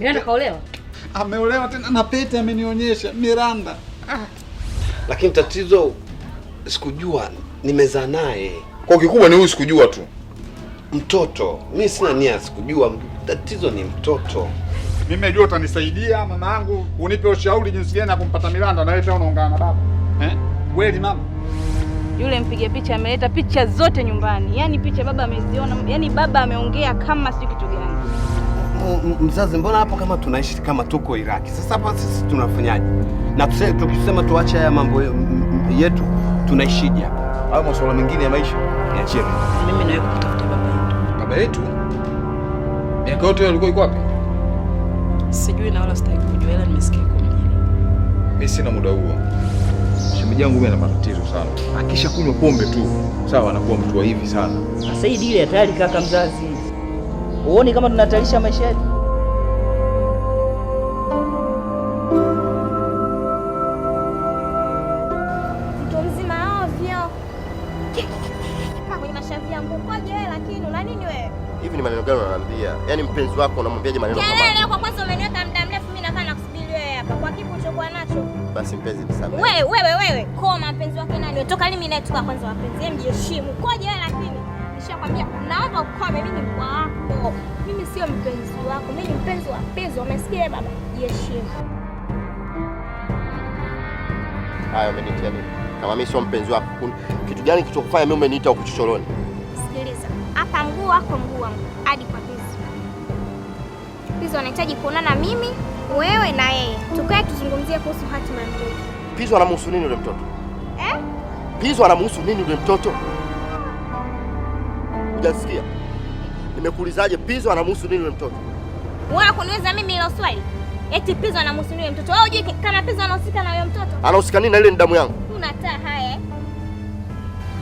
Miranda kaolewa? Ameolewa tena na pete amenionyesha Miranda. Ah. Lakini tatizo sikujua nimezaa naye. Kwa kikubwa ni huyu sikujua tu. Mtoto. Mimi sina nia sikujua, tatizo ni mtoto. Mimi najua utanisaidia mama yangu, unipe ushauri jinsi gani ya kumpata Miranda na wewe pia na baba. Eh? Kweli mama. Yule mpiga picha ameleta picha zote nyumbani. Yaani picha baba ameziona, yaani baba ameongea kama si kitu gani mzazi, mbona hapo kama tunaishi kama tuko Iraki? Sasa hapa sisi tunafanyaje? Na tukisema tuache haya mambo yetu tunaishije hapa? Hayo masuala mengine ya maisha niachie mimi. Mimi nawe kutafuta baba yetu. Baba yetu miaka yote alikuwa yuko wapi? Sijui na wala sitaki kujua, ila nimesikia kwa mjini. Mimi sina muda huo. Shemeji yangu mimi ana matatizo sana, akisha kunywa pombe tu sawa, anakuwa mtu wa hivi sana. Sasa hii ile hatari kaka mzazi Huoni kama tunahatarisha maisha yetu? Mtu mzima ovyo kwenye mashavu yangu ukoje wewe? Lakini una nini wewe? Hivi ni maneno gani unaniambia? Yaani mpenzi wako unamwambiaje maneno kama haya? Kwa kwanza umeniweka muda mrefu mimi nakaa nakusubiri wewe hapa kwa kipi uchokuwa nacho? Basi mpenzi nisamehe. Wewe wewe wewe koma mpenzi wako nani? Toka lini mimi naitoka kwanza wapenzi? Yaani mjiheshimu. Ukoje wewe lakini? Nishakwambia naomba ukome mimi ni mkwa mimi sio mpenzi wako, mimi ni mpenzi wa pesa. Umesikia baba? Haya, umenitia nini? Kama mimi sio mpenzi wako, kitu gani kilichokufanya mimi umeniita ukuchochoroni? Sikiliza, hapa nguo wako nguo wangu hadi kwa pesa. pizo anahitaji kuonana mimi, wewe na yeye. Tukae tuzungumzie kuhusu hatima ya mtoto. Pesa anamhusu nini yule mtoto? Eh? Pesa anamhusu nini yule mtoto? Hujasikia? nimekuulizaje? Pizzo anamhusu nini yule mtoto? Wewe kuniuliza mimi hilo swali? Eti Pizzo anamhusu nini yule mtoto? Wewe hujui kama Pizzo anahusika na yule mtoto? Anahusika nini na ile ni damu yangu? Unataa haya.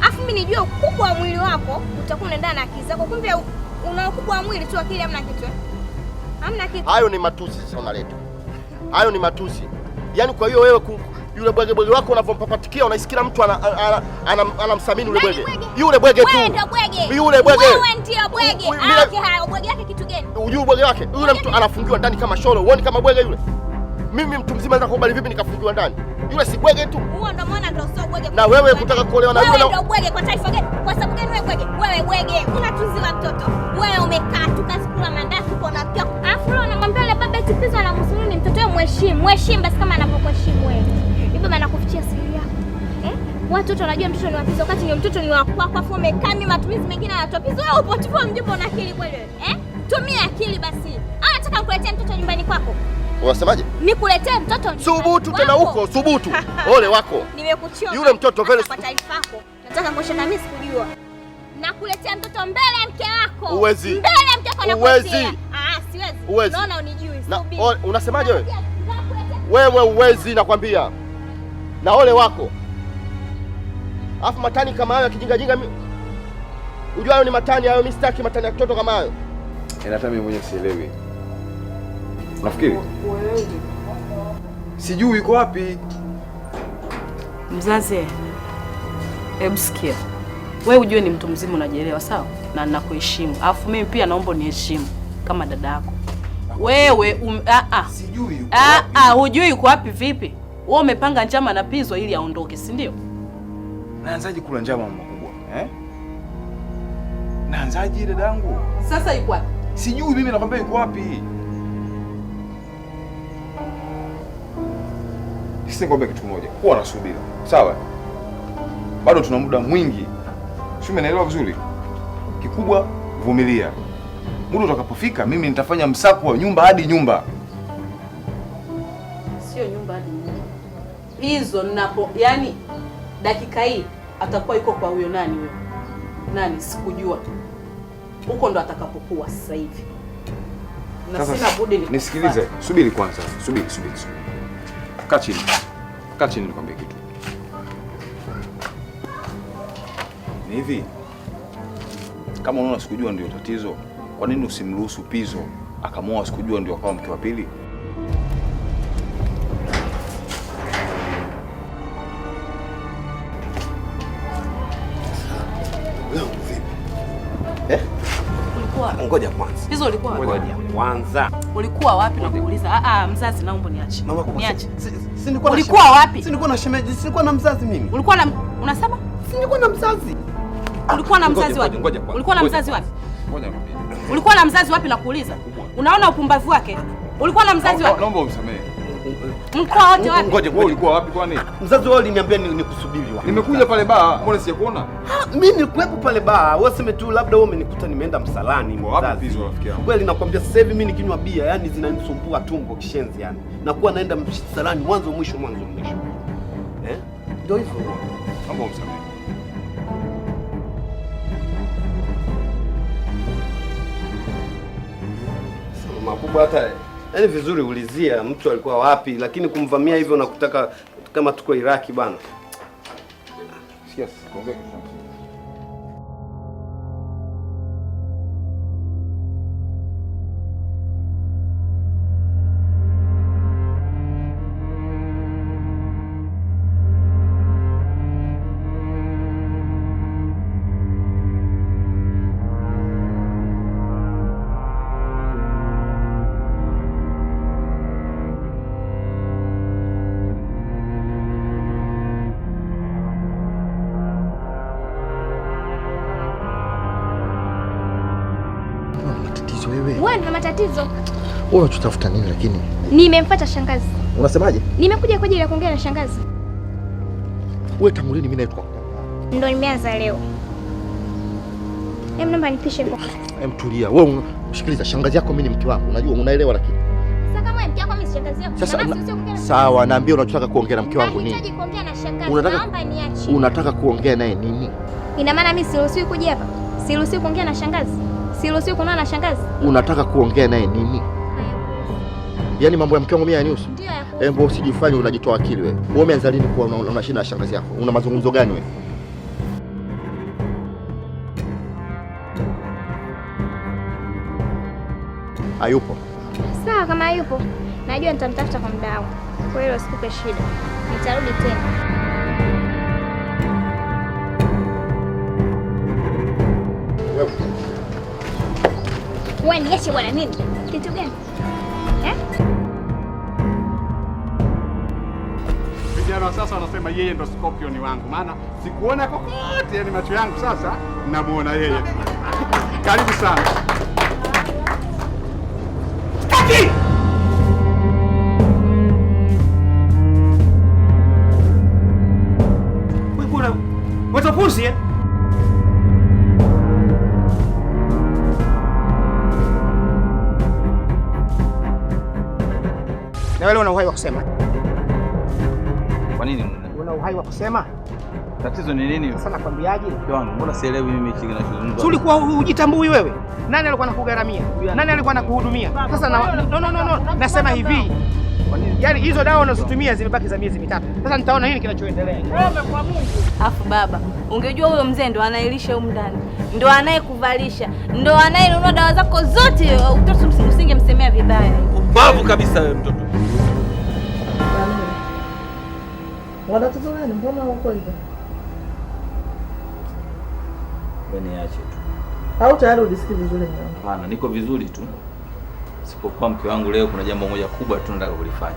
Afu mimi nijue ukubwa wa mwili wako utakuwa unaendana na akili zako. Kumbe una ukubwa wa mwili tu, akili hamna kitu eh? Hamna kitu. Hayo ni matusi sasa unaleta. Hayo ni matusi. Yaani kwa hiyo wewe yule bwege bwege wako unavyompapatikia, unahisi kila mtu anamthamini yule yaani bwege. Yule bwege tu. Yule bwege. Wewe ndio bwege. Ah, bwege yake kitu gani? Ujui bwege wake. Yule mtu anafungiwa ndani kama sholo, Uone kama bwege yule. Mimi mtu mzima naweza kukubali vipi nikafungiwa ndani? Yule si bwege tu. Huo ndo maana ndo sio bwege. Na wewe kutaka kuolewa na yule. Wewe ndio bwege kwa taifa gani? Kwa sababu gani wewe bwege? Wewe bwege. Una tuzima mtoto. Wewe umekaa tu kazi kula mandazi kwa nafsi yako. Afro anamwambia yule baba eti na anamhusurini mtoto wewe mheshimu. Mheshimu basi kama anapokuheshimu wewe hivyo maana nakufichia siri yako. Eh? Watoto wanajua mtoto ni wapizo wakati ni mtoto ni wa kwako afu umekaa mimi matumizi mengine yanatoa pizo. Wewe upotifu wa mjumbe una akili kweli wewe? Eh? Tumia akili basi. Au nataka nikuletee mtoto nyumbani kwako? Unasemaje? Nikuletee mtoto nyumbani. Subutu tena huko, subutu. Ole wako. Nimekuchoka. Yule mtoto vile kwa taifa yako. Nataka kuosha na mimi sikujua. Nakuletea mtoto mbele ya mke wako. Uwezi. Mbele ya mke wako nakuletea. Ah, ah, siwezi. Unaona unijui. Subiri. Unasemaje wewe? Wewe uwezi nakwambia na ole wako. Alafu matani kama hayo mi... ujua hayo ni matani hayo. Mimi sitaki matani ya kitoto kama hayo. Eh, hata mimi mwenyewe sielewi. Unafikiri sijui uko wapi mzazi? Hebu sikia wewe, ujue ni mtu mzima, unajielewa sawa, na nakuheshimu. Alafu mimi pia naomba niheshimu kama dada yako wewe. Um, hujui uko wapi vipi? Wewe umepanga njama na Pizzo ili aondoke, si ndio? Naanzaje kula njama mama kubwa? Eh? Naanzaje dadangu? Sasa yuko wapi? Sijui mimi nakwambia yuko wapi. Sisi ngombe kitu kimoja. Kuwa na subira. Sawa? Bado tuna muda mwingi. Sio, umeelewa vizuri? Kikubwa vumilia. Muda utakapofika mimi nitafanya msako wa nyumba hadi nyumba. hizo ninapo, yani dakika hii atakuwa yuko kwa huyo nani, huyo nani, sikujua tu huko ndo atakapokuwa sasa hivi, na sina budi nisikilize. Subiri kwanza, subiri, subiri, subiri. Kaa chini, kaa chini, nikwambie kitu. Ni hivi, kama unaona sikujua ndio tatizo, kwa nini usimruhusu pizo akamoa sikujua ndio akawa mke wa pili? hizo ulikuwa wapi? Ya kwanza. Ulikuwa wapi na kuuliza? Ah ah, mzazi naomba niache. niache. Si, nilikuwa na Ulikuwa wapi? Si nilikuwa na shemeji, si nilikuwa na mzazi mimi. Ulikuwa na unasema? Si nilikuwa na mzazi. Ulikuwa na mzazi wapi? Ulikuwa na mzazi wapi? Ngoja mimi. Ulikuwa na mzazi wapi na kuuliza? Unaona upumbavu wake? Ulikuwa na mzazi wapi? Naomba umsamehe mkoa wapi? Ngoje, wewe ulikuwa wapi kwani? Mzazi wao aliniambia nikusubiri wapi? Nimekuja pale baa, mbona sijakuona? Mimi nilikuwepo pale baa. Wewe sema tu labda wewe umenikuta nimeenda msalani. Wapi hizo rafiki yangu? Kweli nakwambia sasa hivi mimi nikinywa bia, yani zinanisumbua tumbo kishenzi yani. Nakuwa naenda msalani mwanzo mwisho mwanzo mwisho. Eh? Ndio hivyo. Naomba msamaha. Makubwa hata Yaani vizuri ulizia mtu alikuwa wapi, lakini kumvamia hivyo na kutaka kama tuko Iraki bana. Yes, matatizo. Wewe unatafuta nini lakini? Nimemfuata shangazi. Unasemaje? Nimekuja kwa ajili ya kuongea na shangazi. Wewe tangu lini mimi naitwa? Ndio nimeanza leo. Hem, naomba nipishe kwa. Hem, tulia. Wewe unashikiliza shangazi yako mimi ni mke wako. Unajua unaelewa lakini. Sasa kama mke wako mimi shangazi yako. Sasa sawa, naambia unachotaka kuongea na mke wangu nini? Unahitaji kuongea na shangazi. Unataka, Naomba niache. Unataka kuongea naye nini? Ina maana mimi siruhusiwi kuja hapa? Siruhusiwi kuongea na shangazi? Siruhusiwi kuonana na shangazi. Unataka kuongea naye nini? Yaani mambo ya mke wangu mimi yanihusu? Ndio. Hebu usijifanye unajitoa akili wewe. Wewe umeanza lini kuwa shida na shangazi yako? Una mazungumzo gani wewe? Hayupo. Sawa, kama hayupo najua nitamtafuta kwa muda wangu. Kwa hiyo usikupe shida, nitarudi tena. Wewe wewe niache bwana nini? Kitu gani? Eh? Vijana sasa wanasema yeye ndo Scorpion wangu maana sikuona kokote, yani macho yangu sasa namuona yeye. Karibu sana. una uhai wa kusema. Kwa nini? Una uhai wa kusema? Tatizo ni nini? Sasa nakwambiaje? Mbona sielewi mimi hichi kinachozungumzwa? Si ulikuwa hujitambui wewe? Nani alikuwa anakugharamia? Nani alikuwa anakuhudumia? Sasa na, no, no, no, no. Nasema hivi. Yaani hizo dawa unazotumia zimebaki za miezi mitatu. Sasa nitaona nini kinachoendelea. Afu baba, ungejua huyo mzee ndo anailisha huko ndani, ndo anayekuvalisha, ndo anayenunua dawa zako zote, usingemsemea uh, vibaya. Ubavu kabisa wewe mtoto. Wanatazamana, mbona wako hivyo? Niache tu au tayari ujisikii vizuri? Hapana, niko vizuri tu. Sipokuwa mke wangu leo, kuna jambo moja kubwa tu nataka kulifanya.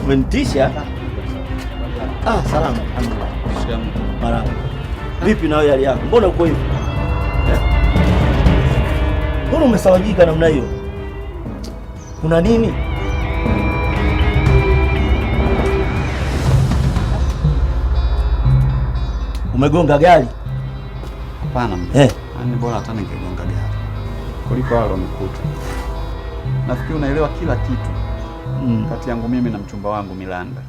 Umenitisha. Ah, salama. Marahaba. Vipi na hali yako? Mbona uko hivi? Eh? Mbona umesawajika namna hiyo? Kuna nini? Umegonga gari? Hapana. Eh. Ni yaani bora hata ningegonga kuliko wale wamekuta. Nafikiri unaelewa kila kitu mm. kati yangu mimi na mchumba wangu Milanda,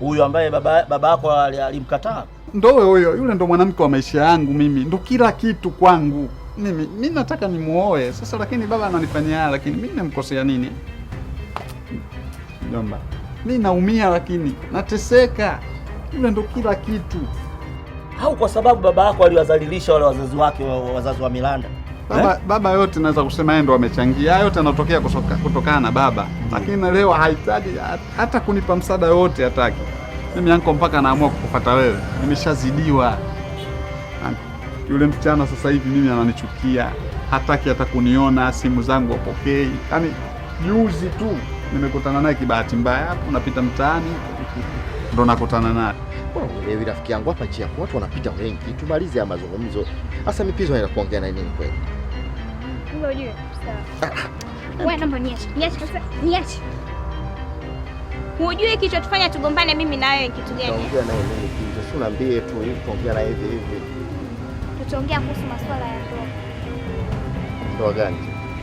huyu ambaye baba baba yako alimkataa. Ndo huyo yule, ndo mwanamke wa maisha yangu mimi, ndo kila kitu kwangu mimi. Mimi nataka nimuoe sasa, lakini baba ananifanyia, lakini mimi namkosea nini? Mjomba, mi naumia, lakini nateseka. Yule ndo kila kitu, au kwa sababu baba yako aliwazalilisha wale wazazi wake, wazazi wa Milanda baba, eh? Baba yote naweza kusema yeye ndo amechangia yote, anatokea kutokana na baba mm. Lakini leo hahitaji hata kunipa msaada yote, hataki mimi yanko, mpaka naamua kukupata wewe, nimeshazidiwa. Ah, yule mchana sasa hivi mimi ananichukia, hataki hata kuniona, simu zangu apokei. Yaani juzi tu nimekutana naye kibahati mbaya, hapo napita mtaani ndo nakutana naye. Uelewi rafiki yangu, hapa njia watu wanapita wengi, tumalize ya mazungumzo. Sasa mipizo kuongea na nini kweli? Wewe ujue. Sawa. Wewe naomba niache. Niache sasa. Niache. Hujui kicho tufanya tugombane mimi na wewe kitu gani? Naongea na yeye kitu. Si unaambie tu yuko ongea na hivi hivi. Tutaongea kuhusu masuala ya ndoa. Ndoa gani?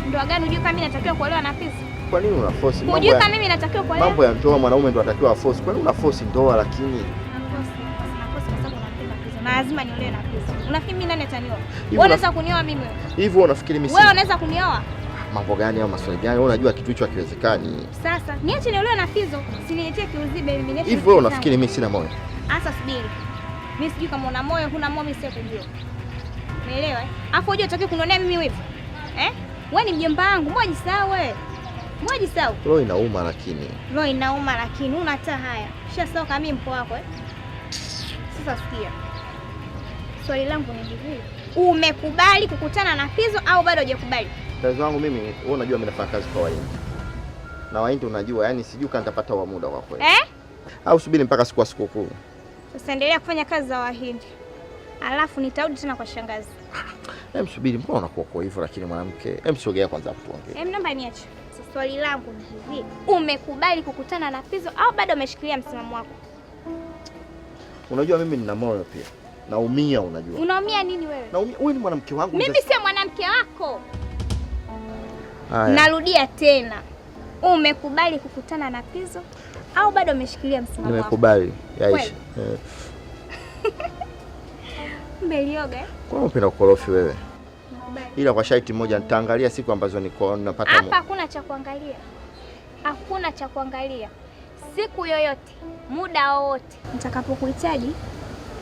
Ndoa gani hujui kama mimi natakiwa kuolewa na Fizi? Kwa nini una force mambo? Hujui kama mimi natakiwa kuolewa? Mambo ya ndoa mwanaume ndo anatakiwa force. Kwa nini una force ndoa lakini? lazima niolewe na Kristo. Unafikiri mimi nani atanioa? Wewe unaweza kunioa mimi wewe? unafikiri mimi wewe unaweza kunioa? Mambo gani au maswali gani? Wewe unajua kitu hicho hakiwezekani. Sasa niache niolewe na Fizo, usiniletee kiuzibe mimi Hivi wewe unafikiri mimi sina moyo? Sasa subiri. Mimi sijui kama una moyo, huna moyo mimi sikujua. Umeelewa? Hapo eh? unajua utaki kunionea mimi wewe. Eh? Wewe ni mjomba wangu, mbona jisahau wewe? Mbona jisahau? Roho inauma lakini. Roho inauma lakini una haya. Usha mimi mpo wako eh? Sasa sikia swali langu ni hivi, umekubali kukutana na Fizo au bado hujakubali? Kazi wangu mimi, wewe unajua mimi nafanya kazi kwa Wahindi na Wahindi unajua, yani sijui kama nitapata wa muda wa kweli eh? au subiri mpaka siku ya sikukuu. Sasa endelea kufanya kazi za Wahindi alafu nitarudi tena kwa shangazi. Hem, subiri, mbona unakuwa kwa hivyo? Lakini mwanamke, hem, sogea kwanza tuongee. Hem, naomba niache. Sasa swali langu ni hivi, umekubali kukutana na Fizo au bado umeshikilia msimamo wako? Unajua mimi nina moyo pia Naumia, unajua. Unaumia nini wewe? Naumia, Huyu ni mwanamke wangu. Mimi sio mwanamke wako. Haya. Narudia tena, umekubali kukutana na Pizzo au bado umeshikilia msimamo wako? Nimekubali, Aisha. Eh. Mbelioga. Eh? Kwa nini unapenda ukorofi wewe? Ila kwa shaiti moja nitaangalia siku ambazo niko napata. Hapa hakuna cha kuangalia, hakuna cha kuangalia. Siku yoyote, muda wowote nitakapokuhitaji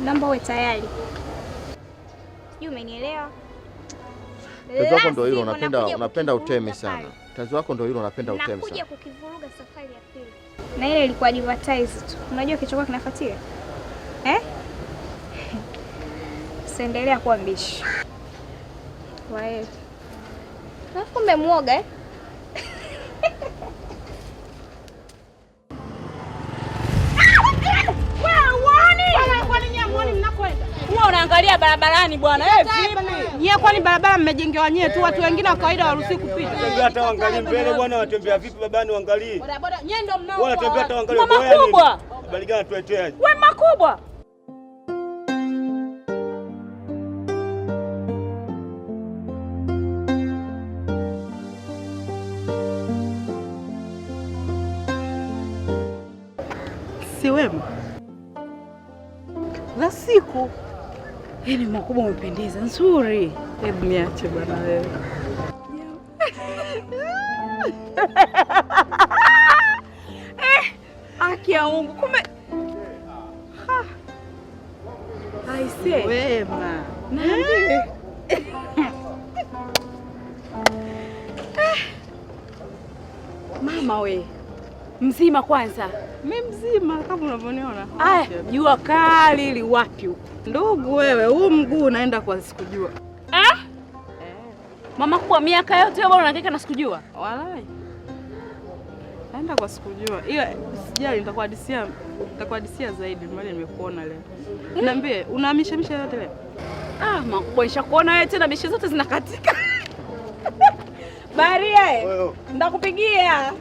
naomba uwe tayari. Sijui umenielewa. Tanzu wako ndio hilo, unapenda unapenda uteme sana. Tanzu wako ndio hilo, unapenda utemi sana. Nakuja kukivuruga safari ya pili. Na ile ilikuwa advertised tu. Unajua kichokuwa kinafuatia? Eh? Sendelea kuwa mbishi. Wae. Kumbe muoga eh? kuangalia barabarani bwana. Eh, vipi? Nyie kwani barabara mmejengewa nyie tu, watu wengine wa kawaida waruhusi kupita. Tembea hata waangalie mbele bwana, watembea vipi babani waangalie. Boda boda, nyie ndio mnao. tembea hata waangalie. Wewe makubwa. Habari gani tuetea? Wewe makubwa. Yani makubwa umependeza, nzuri. Hebu niache bwana wewe. Eh, aki ya Mungu kumbe. Aise. Wema. Eh. Eh. Mama we mzima kwanza, mi mzima kama unavyoniona. Aya, jua kali li wapi huko Ndugu wewe, huu mguu unaenda kwa sikujua eh? Eh. Mama kwa miaka yote bado unakeka na sikujua walai, naenda kwa sikujua, ila sijali, nitakuhadisia nitakuhadisia zaidi, mbali nimekuona leo. Hmm? Niambie, misha yote leo? Ah, makubwa nishakuona wewe tena, misha zote zinakatika. Baria, ndakupigia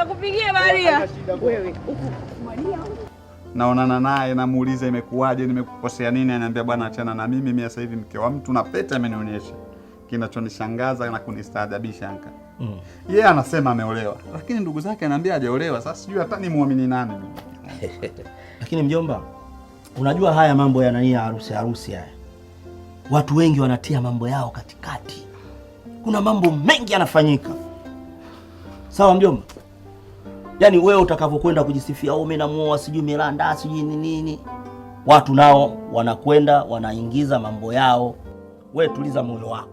Nitakupigia Maria naonana naye namuuliza, imekuwaje, nimekukosea nini? Ananiambia bwana, achana na mimi, mimi sasa hivi mke wa mtu na pete amenionyesha. Kinachonishangaza na kunistaadhabisha anka mm. yeye yeah, anasema ameolewa, lakini ndugu zake anaambia hajaolewa. Sasa sijui hata muamini nani lakini mjomba, unajua haya mambo ya nani ya harusi harusi haya, watu wengi wanatia mambo yao katikati, kuna mambo mengi yanafanyika. Sawa mjomba. Yaani wewe utakavyokwenda kujisifia, ume oh, namuoa sijui Miranda sijui ni nini, watu nao wanakwenda wanaingiza mambo yao. We tuliza moyo wako,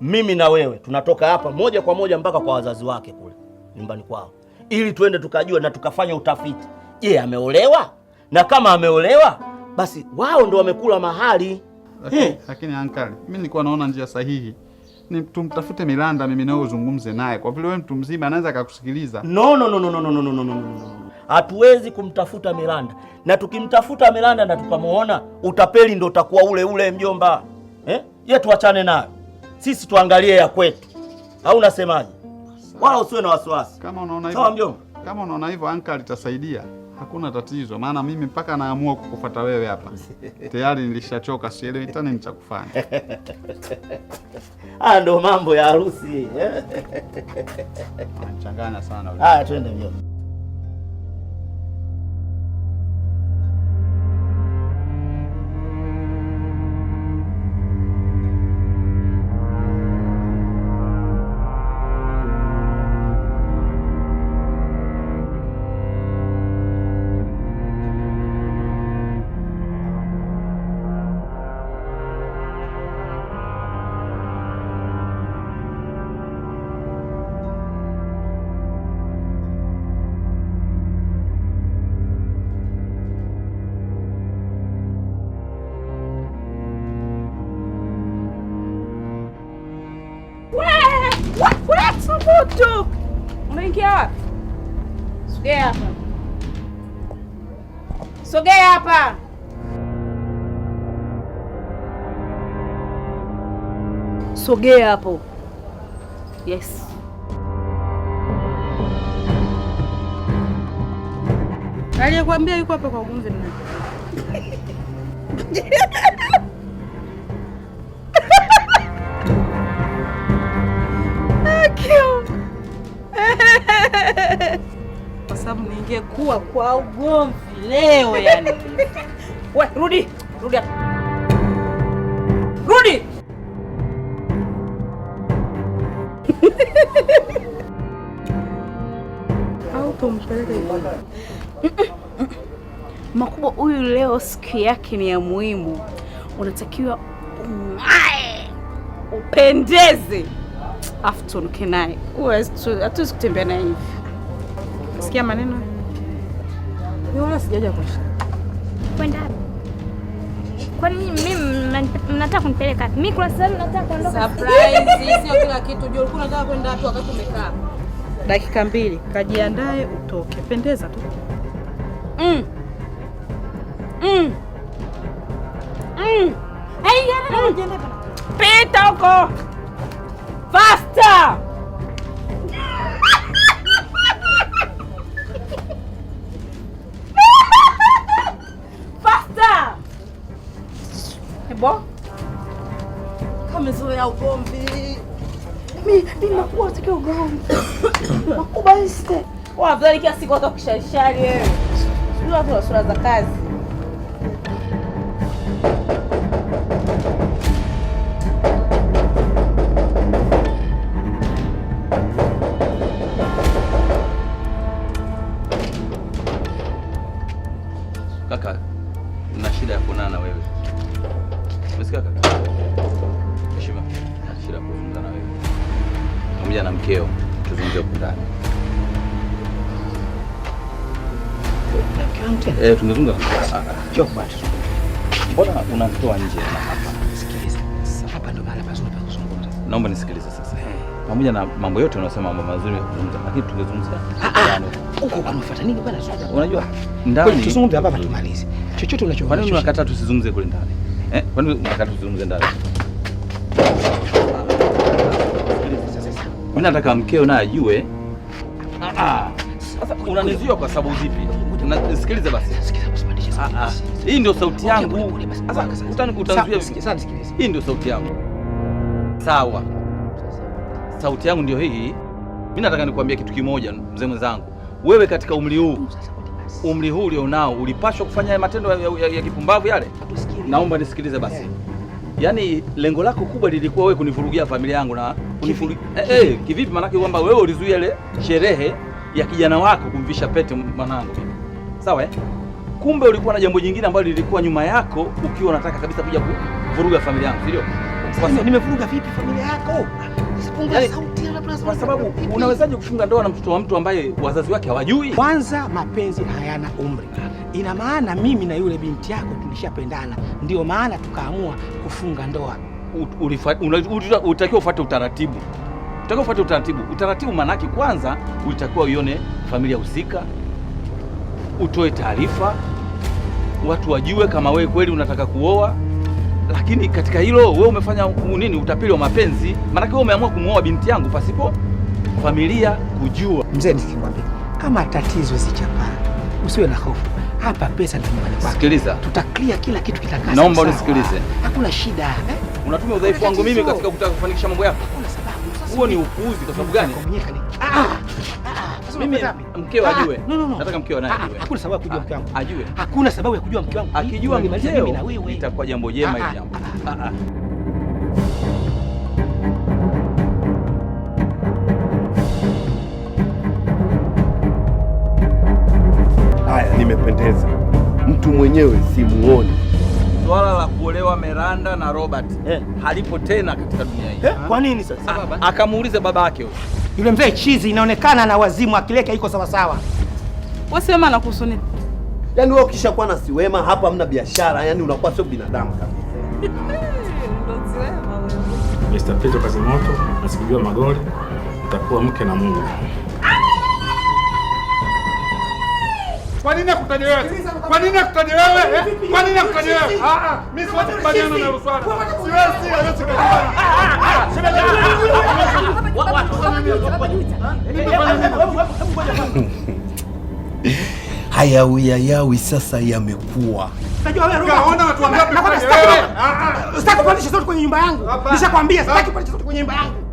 mimi na wewe tunatoka hapa moja kwa moja mpaka kwa wazazi wake kule nyumbani kwao, ili tuende tukajua na tukafanya utafiti. Je, ameolewa? Na kama ameolewa, basi wao ndo wamekula mahali. Eh. Lakini, lakini ankali, mimi nilikuwa naona njia sahihi ni tumtafute miranda mimi nao uzungumze naye, kwa vile wewe mtu mzima anaweza akakusikiliza. No, no, no, no, no, no, no, no, no. Hatuwezi kumtafuta Milanda, na tukimtafuta Milanda na tukamuona utapeli ndo utakuwa ule ule mjomba eh? Ye tuachane nayo sisi, tuangalie ya kwetu, au unasemaje? Wala usiwe na wasiwasi. Kama unaona hivyo, sawa mjomba. Kama unaona hivyo, anka litasaidia. Hakuna tatizo, maana mimi mpaka naamua kukufuata wewe hapa tayari nilishachoka, sielewi tena ni cha kufanya. Haya ah, ndo mambo ya harusi. Changanya sana. Haya twende. Mtu unaingia wapi? Sogea hapa, sogea hapa. Sogea hapo. Yes. Aliyekwambia yuko hapa kwa ugomvi. sababu ningekuwa kwa ugomvi leo yani. We, rudi rudi rudi au tumpeleke makubwa huyu leo, siku yake ni ya muhimu, unatakiwa ung'ae, upendeze, afu tuondoke naye. Hatuwezi kutembea naye hivi. Umesikia maneno? Wala sijaja kush kwenda. Kwa nini mimi mnataka kunipeleka? Mimi kwa sababu nataka kuondoka. Surprise, sio kila kitu. Je, ulikuwa unataka kwenda tu wakati umekaa? Dakika mbili, kajiandae utoke. Pendeza tu. Mm. Mm. Mm. Hey, yana mm. Pita huko. Faster. mawe ya ugomvi. Mimi mimi nakuwa utaki ugomvi. Nakuba este. Wewe kila siku hata kushashari wewe. watu wa sura za kazi. pamoja na mkeo tuzungumze huko ndani. Eh, tungezungumza sana. Ah, ah. Mbona unamtoa nje na hapa? Nisikilize. Hapa ndo mahali pazuri pa kuzungumza. Naomba nisikilize sasa. Eh. Pamoja na mambo yote unasema mambo mazuri ya kuzungumza, lakini tungezungumza. Ah, huko kwa unafuata nini bwana? Unajua ndani tuzungumze hapa tumalize. Chochote unachokata tusizungumze kule ndani. Eh? Kwani unakata tuzungumze ndani? Mimi nataka mkeo naye ajue. Ah, ah. Sasa unanizuia kwa sababu zipi? Ah, sikiliza basi. Hii ndio sauti yangu. Sasa utanikutanzuia vipi? Hii ndio sauti yangu. Sawa. Sauti yangu ndio hii. Mimi nataka nikuambia kitu kimoja mzee mwenzangu. Wewe katika umri huu umri huu ulionao ulipashwa kufanya matendo ya, ya, ya kipumbavu yale. Naomba nisikilize basi. Eh yani lengo lako kubwa lilikuwa wewe kunivurugia familia yangu na kunifungi... Eh, eh, kivipi? Maanake kwamba wewe ulizuia ile sherehe ya kijana wako kumvisha pete mwanangu, sawa eh? Kumbe ulikuwa na jambo jingine ambalo lilikuwa nyuma yako, ukiwa unataka kabisa kuja kuvuruga familia yangu, sio? Nimevuruga vipi familia yako? Yaani, kwa sababu unawezaje kufunga ndoa na mtoto wa mtu ambaye wazazi wake hawajui? Kwanza mapenzi hayana umri. Ina maana mimi na yule binti yako tulishapendana, ndio maana tukaamua kufunga ndoa. Ulitakiwa ufuate utaratibu, utakiwa ufuate utaratibu. Utaratibu maanake, kwanza ulitakiwa uione familia husika, utoe taarifa, watu wajue kama wewe kweli unataka kuoa. Lakini katika hilo wewe umefanya nini? Utapeli wa mapenzi, maanake wewe umeamua kumwoa binti yangu pasipo familia kujua. Mzee, nikikwambia kama tatizo zichapaa, usiwe na hofu hapa pesa ni nyumbani kwako. Sikiliza. Tutaklia kila kitu kitakaa. Naomba unisikilize. Hakuna shida. Eh? Unatumia udhaifu wangu mimi katika kutaka kufanikisha mambo yako. Hakuna sababu. Huo ni upuuzi kwa sababu gani? Kwa mwenyewe Ah ah. ah, ah. Mimi mkeo ah, ajue. Nataka mkeo naye ajue. Hakuna sababu ya kujua mke wangu. Ajue. Hakuna sababu ya kujua mke wangu. Akijua mimi na wewe itakuwa jambo jema hili jambo. Ah ah. kupendeza, mtu mwenyewe simuoni. Swala la kuolewa Meranda na Robert eh, halipo tena katika dunia hii eh. Kwa nini sasa? Ah, akamuulize babake huyo, yule mzee chizi, inaonekana na wazimu, akileka iko sawa. Wasema na kuhusu nini? Yaani wewe ukishakuwa na siwema hapa hamna biashara, yaani unakuwa sio binadamu kabisa. Mr. Pedro Kazimoto, nasikujua magoli, utakuwa mke na mungu Kwa nini nakutaja wewe? Kwa nini nakutaja wewe? Kwa nini nakutaja wewe? Ah ah, mimi siwezi kubaliana na sasa yamekuwa. Unajua watu wangapi kwenye nyumba yangu. Nishakwambia sitaki kwenye nyumba yangu.